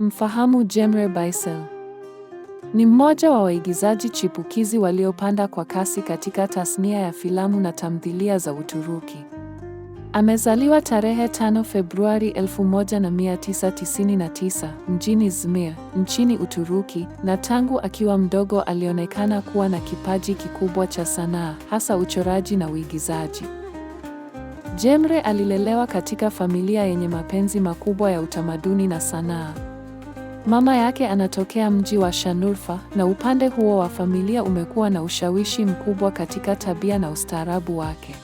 Mfahamu Jemre Baisel. Ni mmoja wa waigizaji chipukizi waliopanda kwa kasi katika tasnia ya filamu na tamthilia za Uturuki. Amezaliwa tarehe 5 Februari 1999 mjini Izmir, nchini Uturuki, na tangu akiwa mdogo alionekana kuwa na kipaji kikubwa cha sanaa, hasa uchoraji na uigizaji. Jemre alilelewa katika familia yenye mapenzi makubwa ya utamaduni na sanaa. Mama yake anatokea mji wa Shanurfa na upande huo wa familia umekuwa na ushawishi mkubwa katika tabia na ustaarabu wake.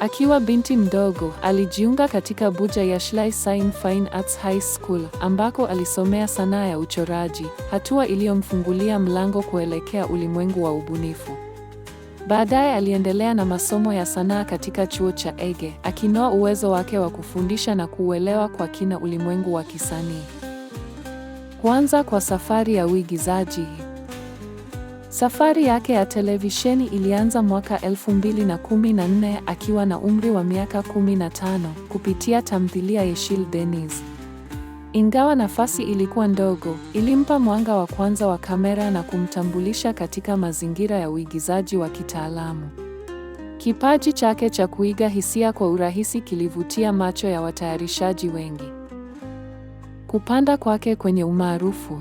Akiwa binti mdogo, alijiunga katika Buja Yashlai Sign Fine Arts High School ambako alisomea sanaa ya uchoraji, hatua iliyomfungulia mlango kuelekea ulimwengu wa ubunifu. Baadaye aliendelea na masomo ya sanaa katika chuo cha Ege, akinoa uwezo wake wa kufundisha na kuuelewa kwa kina ulimwengu wa kisanii. Kuanza kwa safari ya uigizaji. Safari yake ya televisheni ilianza mwaka 2014 akiwa na umri wa miaka 15 kupitia tamthilia Yeshil Dennis. Ingawa nafasi ilikuwa ndogo, ilimpa mwanga wa kwanza wa kamera na kumtambulisha katika mazingira ya uigizaji wa kitaalamu. Kipaji chake cha kuiga hisia kwa urahisi kilivutia macho ya watayarishaji wengi kupanda kwake kwenye umaarufu.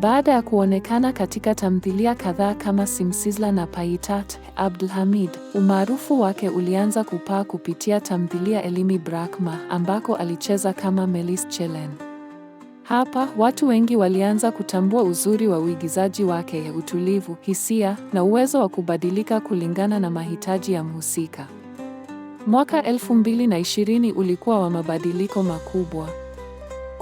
Baada ya kuonekana katika tamthilia kadhaa kama Simsizla na Paitat Abdulhamid, umaarufu wake ulianza kupaa kupitia tamthilia Elimi Brakma ambako alicheza kama Melis Chelen. Hapa watu wengi walianza kutambua uzuri wa uigizaji wake, ya utulivu, hisia na uwezo wa kubadilika kulingana na mahitaji ya mhusika. Mwaka 2020 ulikuwa wa mabadiliko makubwa.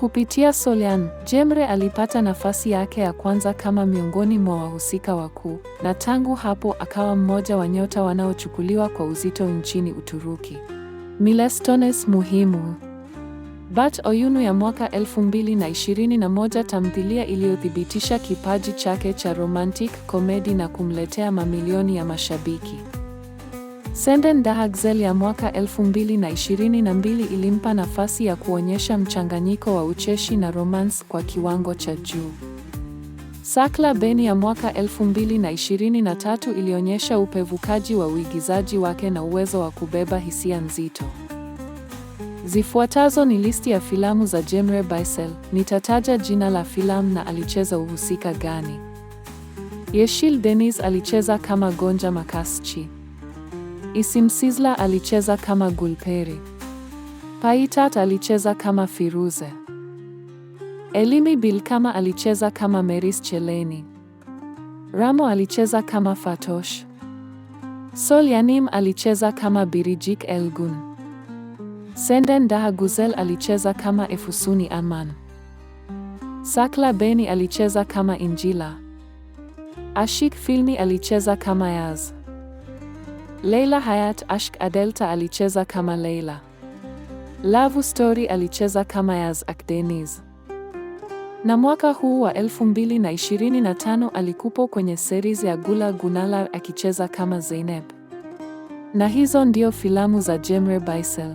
Kupitia Solian, Jemre alipata nafasi yake ya kwanza kama miongoni mwa wahusika wakuu, na tangu hapo akawa mmoja wa nyota wanaochukuliwa kwa uzito nchini Uturuki. Milestones muhimu. Bat Oyunu ya mwaka 2021, tamthilia iliyothibitisha kipaji chake cha romantic comedy na kumletea mamilioni ya mashabiki. Senden Dahagzel ya mwaka 2022 ilimpa nafasi ya kuonyesha mchanganyiko wa ucheshi na romance kwa kiwango cha juu. Sakla Beni ya mwaka 2023 ilionyesha upevukaji wa uigizaji wake na uwezo wa kubeba hisia nzito. Zifuatazo ni listi ya filamu za Jemre Baisel. nitataja jina la filamu na alicheza uhusika gani. Yeshil Deniz alicheza kama Gonja Makaschi. Isim Sizla alicheza kama Gulperi. Paitat alicheza kama Firuze. Elimi Bilkama alicheza kama Meris Cheleni. Ramo alicheza kama Fatosh. sol yanim alicheza kama Birijik Elgun. Senden Daha Guzel alicheza kama Efusuni Aman. Sakla Beni alicheza kama Injila. Ashik Filmi alicheza kama Yaz. Leila Hayat Ashk Adelta alicheza kama Leila. lavu Story alicheza kama Yaz Akdeniz. Na mwaka huu wa 2025 alikupo kwenye series ya Gula Gunalar akicheza kama Zeynep. Na hizo ndio filamu za Cemre Baysel.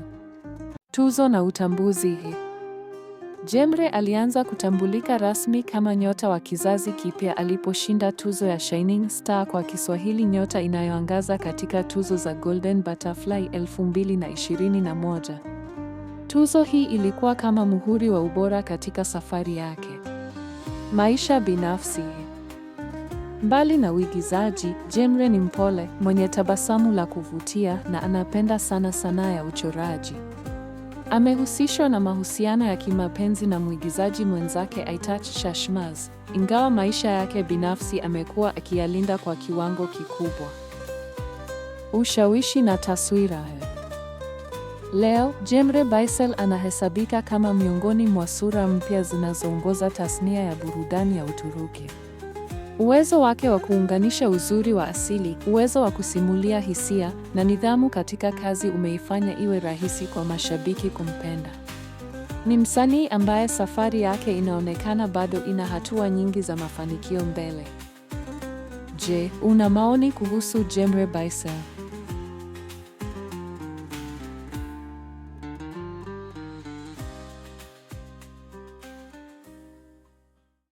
Tuzo na utambuzi. Jemre alianza kutambulika rasmi kama nyota wa kizazi kipya aliposhinda tuzo ya Shining Star kwa Kiswahili nyota inayoangaza katika tuzo za Golden Butterfly 2021. Tuzo hii ilikuwa kama muhuri wa ubora katika safari yake. Maisha binafsi. Mbali na uigizaji, Jemre ni mpole, mwenye tabasamu la kuvutia na anapenda sana sanaa ya uchoraji. Amehusishwa na mahusiano ya kimapenzi na mwigizaji mwenzake Aitach Shashmaz, ingawa maisha yake binafsi amekuwa akiyalinda kwa kiwango kikubwa. Ushawishi na taswira. Leo, Jemre Baysel anahesabika kama miongoni mwa sura mpya zinazoongoza tasnia ya burudani ya Uturuki. Uwezo wake wa kuunganisha uzuri wa asili, uwezo wa kusimulia hisia na nidhamu katika kazi umeifanya iwe rahisi kwa mashabiki kumpenda. Ni msanii ambaye safari yake inaonekana bado ina hatua nyingi za mafanikio mbele. Je, una maoni kuhusu Jemre Bisel?